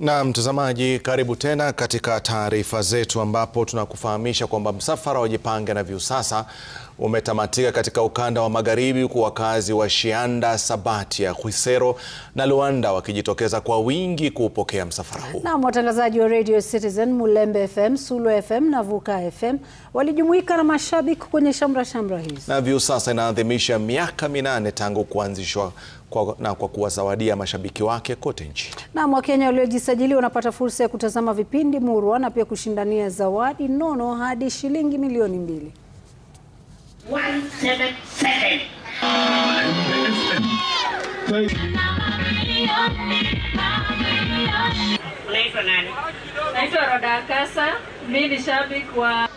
Na mtazamaji, karibu tena katika taarifa zetu ambapo tunakufahamisha kwamba msafara wa Jipange na Viusasa umetamatika katika ukanda wa Magharibi, huku wakazi wa Shianda, Sabatia, Khwisero na Luanda wakijitokeza kwa wingi kuupokea msafara huu. Naam, watangazaji wa Radio Citizen, Mulembe FM, Sulu FM na Vuka FM walijumuika na mashabiki kwenye shamra shamra hizi, na Viusasa inaadhimisha miaka minane tangu kuanzishwa kwa, na kwa kuwazawadia mashabiki wake kote nchini. Naam, Wakenya waliojisajili wanapata fursa ya kutazama vipindi murwa na pia kushindania zawadi nono hadi shilingi milioni mbili. 177. Naitwa nani? mimi ni shabiki wa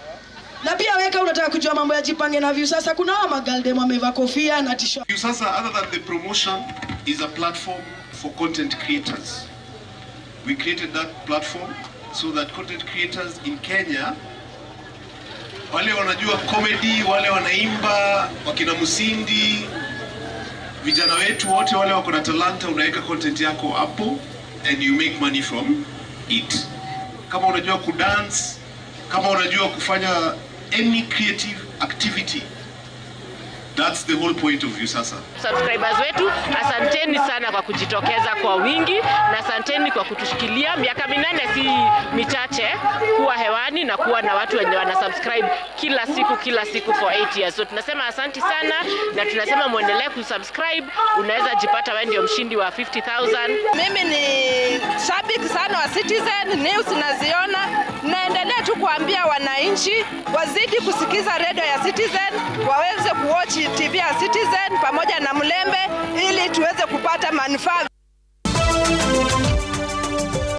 na pia weka unataka kujua mambo ya jipange na view sasa kuna wa magaldem amevaa kofia na t-shirt view sasa other than the promotion is a platform for content creators we created that platform so that content creators in Kenya wale wanajua comedy wale wanaimba wakina Musindi vijana wetu wote wale wako na talanta unaweka content yako hapo and you make money from it kama unajua kudance kama unajua kufanya any creative activity. That's the whole point of Viusasa. Subscribers wetu, asanteni sana kwa kujitokeza kwa wingi na asanteni kwa kutushikilia. Miaka minane si michache kuwa hewani na kuwa na watu wenye wana subscribe kila siku kila siku for 8 years. So tunasema asanti sana na tunasema muendelee kusubscribe. Unaweza jipata wewe ndio mshindi wa 50,000. Mimi ni shabiki sana wa Citizen News naziona kuambia wananchi wazidi kusikiza redio ya Citizen, waweze kuwatch TV ya Citizen pamoja na Mlembe ili tuweze kupata manufaa.